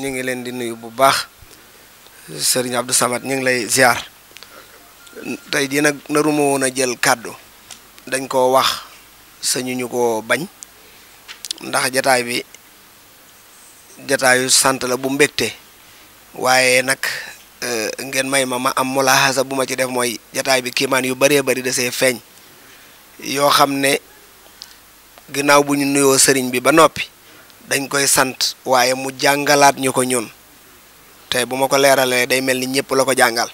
ñu ngi leen di nuyu bu baax sëriñ Abdou Samad ñu ngi lay ziar tey jii nag naruma woon a jël kàddu dañ koo wax sañu ñu ko bañ ndax jataay bi jataayu sant la bu mbégte waaye nag e, ngeen may ma ma am mulaaxasa bu ma ci def mooy jataay bi kiimaan yu bëree bari desee feeñ yoo xam ne ginnaaw bu nuyoo sëriñ bi ba noppi dañ koy sant waaye mu jàngalaat ñu ko ñun te bu ma ko leeralee day mel ni ñëpp la ko jàngal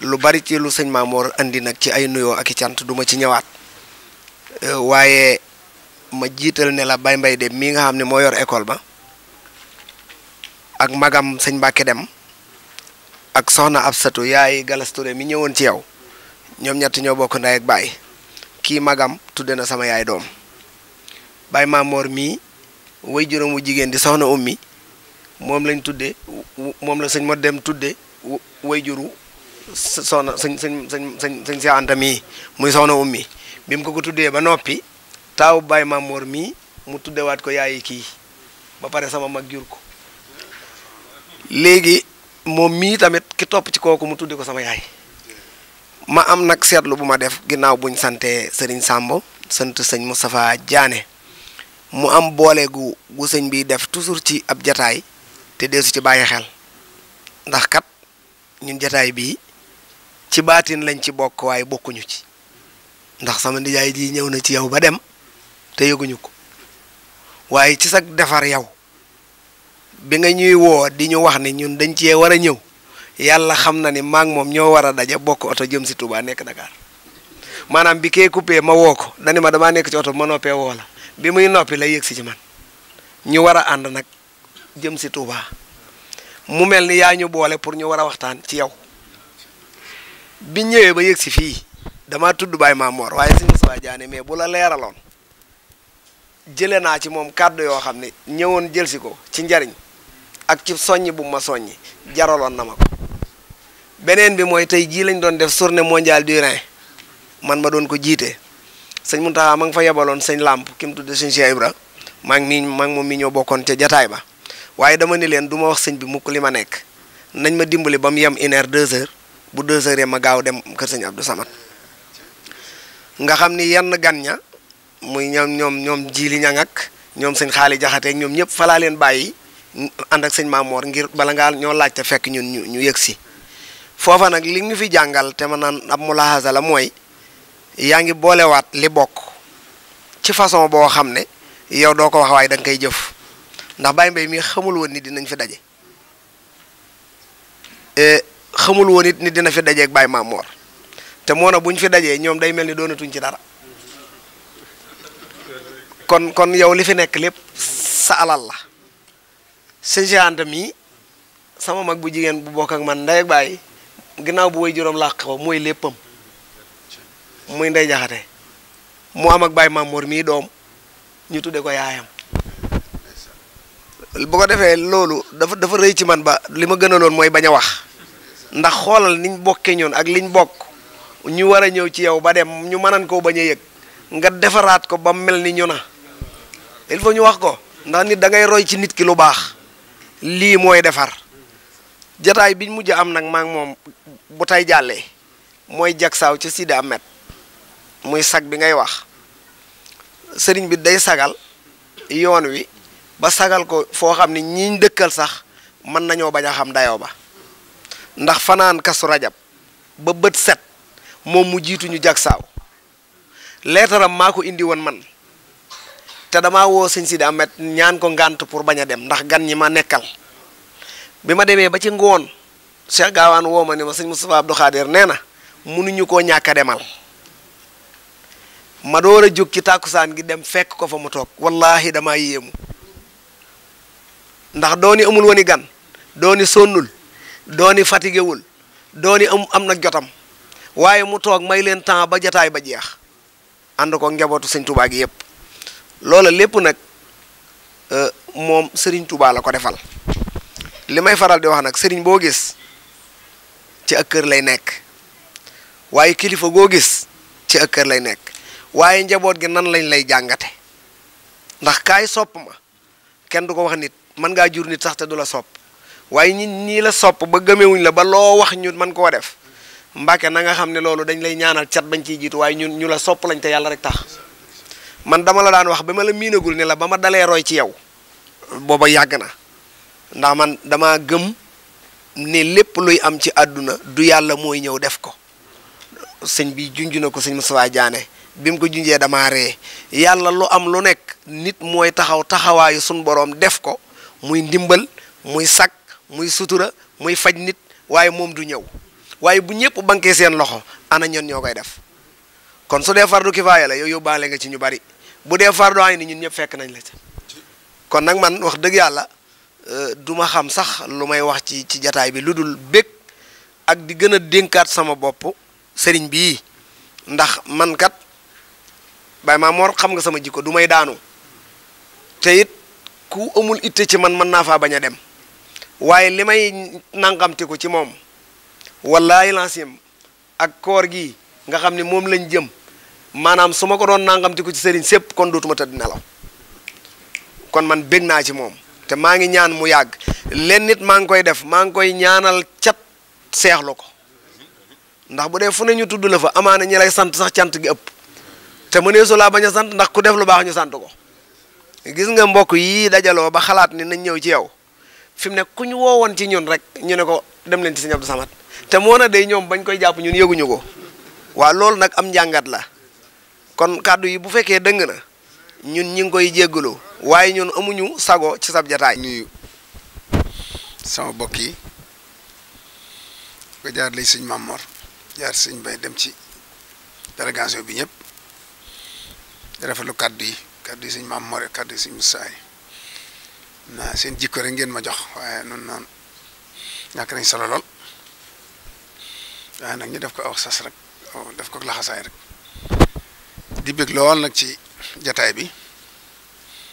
lu bari ci lu sëñ Maamoor indi nag ci ay nuyoo ak i cant duma ci ñëwaat euh, waaye ma jiital ne la bay mbay dem mii nga xam ne moo yor école ba ak magam sëñ Mbàkke dem ak soxna ab satu yaay Galas Touré mi ñëwoon ci yow ñoom ñett ñoo bokk ndey ak baay kii magam tudde na sama yaay doom bay Maamoor mii way juróom wu jigéen di soxna ummi moom lañ tuddee moom la sëñ ma dem tudde way juru soxna sëñ sëñ sëñ sëñ sëñ si soxna ummi bi mu ko tuddee ba noppi taaw Baye Mamour mii mu tuddewaat ko yaayi kii ba pare sama mag jur ko léegi moom mii tamit ki topp ci kooku mu tudde ko sama yaay ma am nag seetlu bu ma def ginnaaw buñ sante Serigne Sambo sant sëñ Moustapha Diané mu am boole gu gu sëñ bi def toujours ci ab jataay te desu ci bàyyi xel ndax kat ñun jataay bii ci baatin lañ ci bokk waaye bokkuñu ci ndax sama nijaay ji ñëw na ci yow ba dem te yëguñu ko waaye ci sag defar yow bi nga ñuy woo di ñu wax ni ñun dañ cee war a ñëw yàlla xam na ni maa moom ñoo war a daje bokk oto jëm si Touba nekk Dakar maanaam bi kee coupé ma woo ko dani ma damaa nekk ci oto ma noppee woo la bi muy noppi la yëg ci man ñu war a ànd nag jëm si Touba mu mel ni yaa ñu boole pour ñu war a waxtaan ci yow bi ñëwee ba yëg fii dama tudd bay Mamor waaye si Moussa Diané mais bu la leeraloon jële naa ci moom kàddu yoo xam ne ñëwoon jël si ko ci njariñ ak ci soññ bu ma soññi jaraloon na ma ko beneen bi mooy tey jii lañ doon def journée mondiale du rein man ma doon ko jiite sëñ Muntaxa ma nga fa yebaloon sëñ làmp ki mu tudde sëñ Cheikh Ibra maa ngi nii moom mi ñoo bokkoon ca jataay ba waaye dama ni leen du ma wax sëñ bi mukk li ma nekk nañ ma dimbali ba mu yem une heure deux heures bu deux heures ma gaaw dem kër sëñ Abdou Samad nga xam ni yenn gan ña muy ñoom ñoom ñoom jiili ñang ñoom sëñ xaali jaxateeg ñoom ñëpp falaa leen bàyyi and ak sëñ Maamoor ngir bala ngaa ñoo laajte fekk ñun ñu ñu yëg si foofa nag li ñu fi jàngal te ma naan ab mulaaxasa la mooy yaa ngi boolewaat li bokk ci façon boo xam ne yow doo ko wax waaye da nga koy jëf ndax Baye Mbaye mii xamul woon ni dinañ fi daje e, xamul woon ni dina fi dajeeg Baye Mamor te moo na bu ñu fi dajee ñoom day mel ni doonatuñ ci dara kon kon yow li fi nekk lépp sa alal la sëñ Cheikh Anta mii sama mag bu jigéen bu bokk ak man ndey ak baay ginnaaw bu way juróom làq ko mooy léppam muy ndey jaxate mu am ak Baye Mamour mii doom ñu tudde ko yaayam bu ko defee loolu dafa dafa rëy ci man ba li ma gënaloon mooy bañ a wax ndax xoolal niñ bokkee ñoon ak liñ bokk ñu war a ñëw ci yow ba dem ñu mënan koo bañ a yëg nga defaraat ko ba mel ni ñu na il faut ñu wax ko ndax nit dangay roy ci nit ki lu baax lii mooy defar jataay biñ mujj am nag maa moom bu tay jàllee mooy jag saaw ci Sidi Ahmed muy sag bi ngay wax sëriñ bi day sagal yoon wi ba sagal ko foo xam ni ñiiñ dëkkal sax mën nañoo bañ a xam dayoo ba ndax fanaan kasu rajab ba bët set moom mu jiitu ñu jag saaw leetaram maa ko indi woon man te dama woo sëñ Sidi Ahmed ñaan ko ngànt pour bañ a dem ndax gan ñi ma nekkal bi ma demee ba ci ngoon Cheikh Gaawaan woo ma ni ma sëñ Moustapha Abdou nee na mënuñu koo ñàkka demal ma a jóg ci tàkkusaan gi dem fekk ko fa mu toog wallaahi damaa yéemu ndax dooni amul woon gan dooni sonnul dooni fatigewul wul dooni am am na jotam waaye mu toog may leen temps ba jataay ba jeex ànd ko njabootu sëñ Touba yëpp loola lépp nag euh, moom sëriñ Touba la ko defal li may faral di wax nag sëriñ boo gis ci ak kër lay nekk waaye kilifa goo gis ci ak kër lay nekk waaye njaboot gi nan lañ lay jàngate ndax kaay sopp ma kenn du ko wax nit mën ngaa jur nit sax te du la sopp waaye ñi ñii la sopp ba gëmewuñ la ba loo wax ñu mën koo def mbàkke na nga xam ne loolu dañ lay ñaanal cat bañ ciy jiitu waaye ñun ñu la sopp lañ te yàlla rek tax man dama la daan wax ba ma la miinagul ne la ba ma dalee roy ci yow booba yàgg na ndax man dama gëm ne lépp luy am ci àdduna du yàlla mooy ñëw def ko sëñ bi junj na ko sëñ Moussa Diané bi mu ko junjee damaa ree yàlla lu am lu nekk nit mooy taxaw taxawaayu suñ boroom def ko muy ndimbal muy sag muy sutura muy faj nit waaye moom du ñëw waaye bu ñëpp bankee seen loxo ana ñoon ñoo koy def kon su dee fardu kifaaya la yow yóbbaale nga ci ñu bari bu dee fardu ay ni ñun ñëpp fekk nañ la ci kon nag man wax dëgg yàlla euh, du ma xam sax lu may wax ci ci jataay bi lu dul bég ak di gën a dénkaat sama bopp sëriñ bii ndax man kat Baye Mamor xam nga sama jikko du may daanu te it ku amul itte ci man mën naa faa bañ a dem waaye li may nangamti ko ci moom wallaahi lancim ak koor gi nga xam ne moom lañ jëm maanaam su ma ko doon nangamti ko ci sëriñ sépp kon dootuma tëdd nelaw kon man bég naa ci moom te maa ngi ñaan mu yàgg len nit maa ngi koy def maa ngi koy ñaanal cat seexlu ko ndax bu dee fu ne ñu tudd la fa amaana ñi lay sant sax cant gi ëpp te mënee su laa bañ a sant ndax ku def lu baax ñu sant ko gis nga mbokk yii dajaloo ba xalaat ni na ñëw ci yow fi mu ne ku ñu woowoon ci ñun rek ñu ne ko dem leen ci Sëñ Abdou Samad te moo na day ñoom bañ koy jàpp ñun yëguñu ko waaw loolu nag am njàngat la kon kàddu yi bu fekkee dëng na ñun ñi ngi koy jéggalu waaye ñun amuñu sago ci sab jataay nuyu sama bokk yi ko jaar lay sëñ Mamor jaar sëñ Bay dem ci délégation bi ñëpp rafetlu kàddu yi kàddu yi suñ maam Mor kàddu yi suñ Moussa naa seen jikko rek ngeen ma jox waaye noonu noonu ñàkk nañ solo lool waaye nag ñu def ko aw sas rek def ko laxasaay rek di lool nag ci jataay bi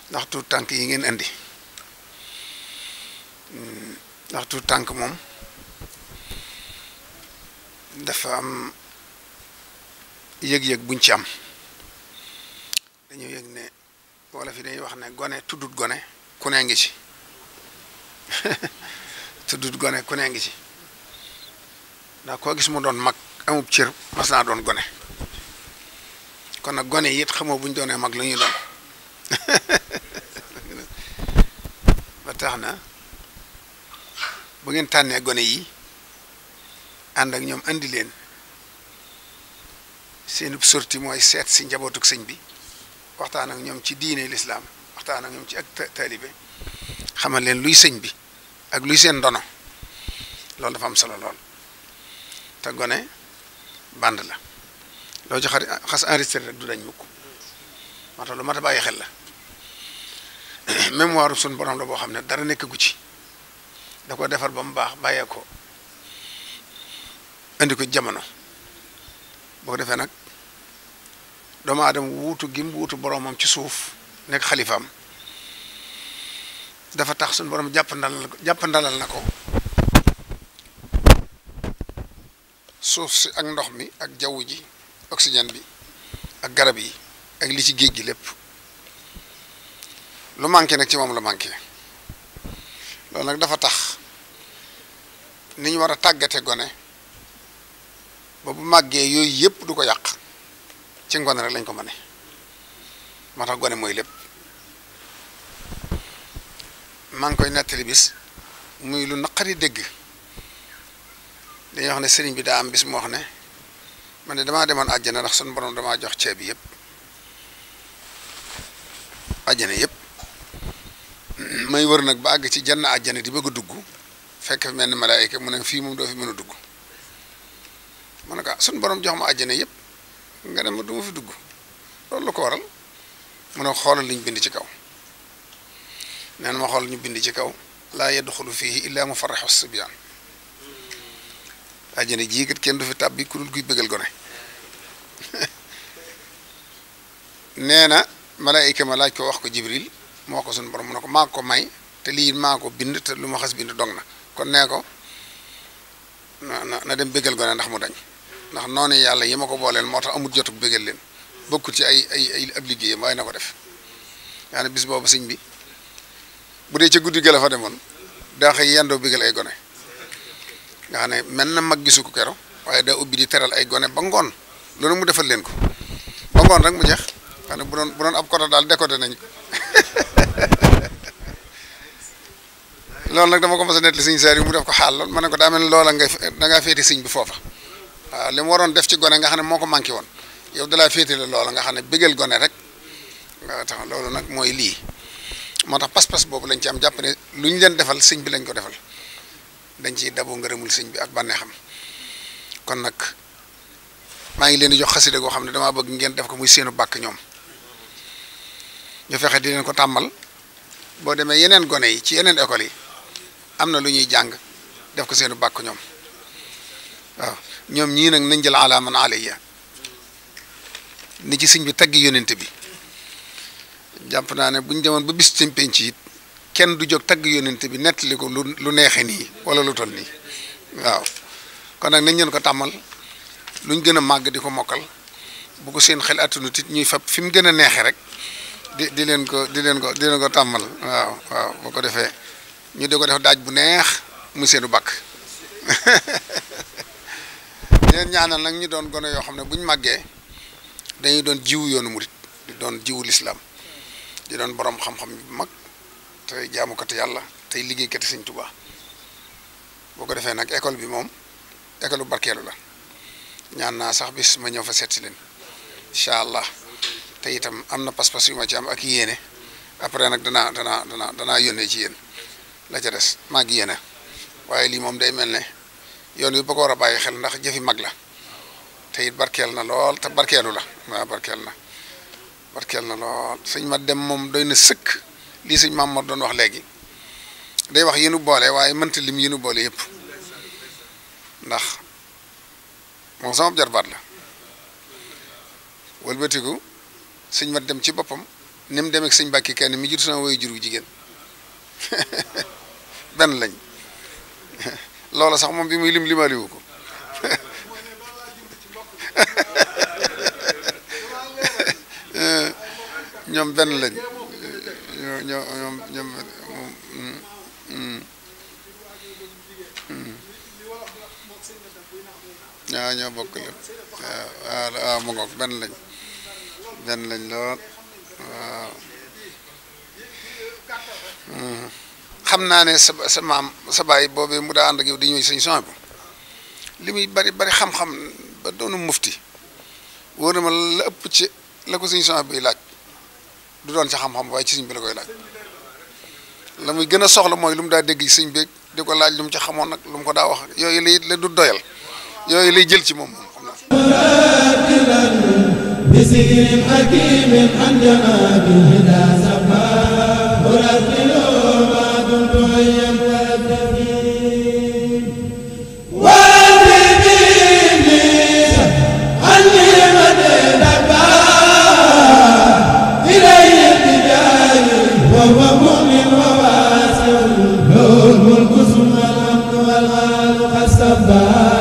ndax tànk yi ngeen indi ndax tuut tànk moom dafa am yëg-yëg buñ ci am wala fi dañuy wax ne gone tuddut gone ku ne ngi ci tuddut gone ku ne ngi ci ndax koo gis mu doon mag amub cër mas doon gone kon nag gone yit xamoo buñ doonee mag lu ñuy doon ba tax na bu ngeen tànnee gone yi ànd ak ñoom indi leen seenub sorti mooy seet si njabootug sëñ bi waxtaan ak ñoom ci diine lislaam waxtaan ak ñoom ci ak taalibe xamal leen luy sëñ bi ak luy seen ndono loolu dafa am solo lool te gone band la loo ci xas enregistré rek du dañ mukk moo tax lu mat a bàyyi xel la mémoire sun borom la boo xam ne dara nekk gu ci da ko defar ba mu baax bàyyee ko indi ko jamono boo ko defee nag doomu aadama wuutu gim wutu boromam ci suuf nekk xalifaam dafa tax suñu borom jàppandalal jàppandalal na ko suuf si ak ndox mi ak jaww ji oxygène bi ak garab yi ak li ci géej gi lépp lu manqué nag ci moom la manqué loolu nag dafa tax ni ñu war a tàggate gone ba bu màggee yooyu yëpp du ko yàq ci ngoone rek lañ ko mëne moo tax gone mooy lépp maa ngi koy nettali bis muy lu naqari dégg dañuy wax ne sëriñ bi daa am bis moo wax ne man de damaa demoon àjjana ndax suñ borom damaa jox ceeb bi yëpp àjjana yëpp may wër nag ba àgg ci jann àjjana di bëgg dugg fekk fi mel ni malaayika mu ne fii moom doo fi mën a dugg mu ne ko ah, sun borom jox ma àjjana yëpp. nga ne ma du ma fi dugg loolu la ko waral mu ne xoolal liñ bind ci kaw nee na ma xool ñu bind ci kaw laa yadxulu fii illaa mufarrihu sibyaan àjjana jii kat kenn du fi tàbbi ku dul kuy bëggal gone nee na malaayika ma laaj ko wax ko jibril moo ko suñu borom mu ne ko maa ko may te lii maa ko bind te lu ma xas bind dong na kon nee ko na na dem bëggal gone ndax mu dañ ndax noonu yàlla yi ma ko booleel moo tax amut jotug bégal leen bokkut ci ay ay ay ab liggéeyam waaye na ko def yaa ne bis boobu siñ bi bu dee ci guddi ga la fa demoon daa xëy yendoo bégal ay gone nga xam ne mel na mag gisu ko kero waaye daa ubbi di teral ay gone ba ngoon loolu mu defal leen ko ba ngoon rek mu jeex xam ne bu doon bu doon ab kota daal décoté nañ ko loolu dama ko mos a nettali sëñ saar yi mu def ko xaal lool ma ne ko daa mel loola ngay da ngaa sëñ bi foofa waaw ah, li mu waroon def ci gone nga xam ne moo ko manqué woon yow dalaa féetale loola nga xam ne bëggal gone rek nga tax loolu nag mooy lii moo tax pas-pas boobu lañ ci am jàpp ne lu ñu leen defal sëñ bi lañ ko defal dañ ciy dabo ngërëmul sëñ bi ak bànneexam kon nag maa ngi leen di jox xasida goo xam ne damaa bëgg ngeen def ko muy seenu bàkk ñoom ñu fexe di leen ko tàmmal boo demee yeneen gone yi ci yeneen école yi am na lu ñuy jàng def ko seenu bàkk ñoom waaw ñoom ñii nag nañ jël ala man ya ni ci sëñ bi tagg yonent bi jàpp naa ne buñ demoon ba bis ci penc it kenn du jot tagg yonent bi nettali ko lu lu neexe nii wala lu toll nii waaw kon nag nañ leen ko tàmmal luñ gën a màgg di ko mokkal bu ko seen xel attanut it ñuy fab fi mu gën a neexe rek di di leen ko di leen ko di leen ko tàmmal waaw waaw boo ko defee ñu di ko def daaj bu neex mu seenu bakk leen ñaanal nag ñu doon gone yoo xam ne bu ñu màggee dañuy doon jiwu yoonu murit di doon jiwu lislaam di doon boroom xam-xam yu mag tey jaamukati yàlla tey liggéeykati sëñ Tuubaa boo ko defee nag école bi moom école bu barkeelu la ñaan naa sax bis ma ñëw fa seet si leen incha allah te itam am na pas-pas yu ma ci am ak yéene après nag danaa danaa dana danaa yónnee ci yéen la ca des màgg ngi waaye lii moom day mel ne. yoon wi ba war a bàyyi xel ndax jëfi mag la tey it barkeel na lool te barkeelu la waaw barkeel na barkeel na lool sëñ ma dem moom doy na sëkk lii sëñ ma Mor doon wax léegi day wax yi boole waaye mënta lim yi boole yëpp ndax moom sama jarbaat la wëlbatiku sëñ ma dem ci boppam ni mu demee ak sëñ Bàkki Kanni mi jur sama woyu jur wu jigéen benn lañ loola sax moom bi muy lim limaaliwu ko ñoom benn lañ ñoom ñoom waaw mm, mm, mm. ñoo bokk lépp waaw waaw mu ngoog benn lañ benn lañ lool waaw xam naa ne sa sa baay boobee mu daa ànd ak yow di ñëw sëñ son bu li muy bari bari xam-xam ba doonu mufti wóor ma la ci la ko sëñ son bi laaj du doon ci xam-xam waaye ci sëñ bi la koy laaj la gën a soxla mooy lu mu daa dégg sëñ bi di ko laaj lu mu ci xamoon nag lu mu ko daa wax yooyu lay la du doyal yooyu lay jël ci moom xam naa sabaa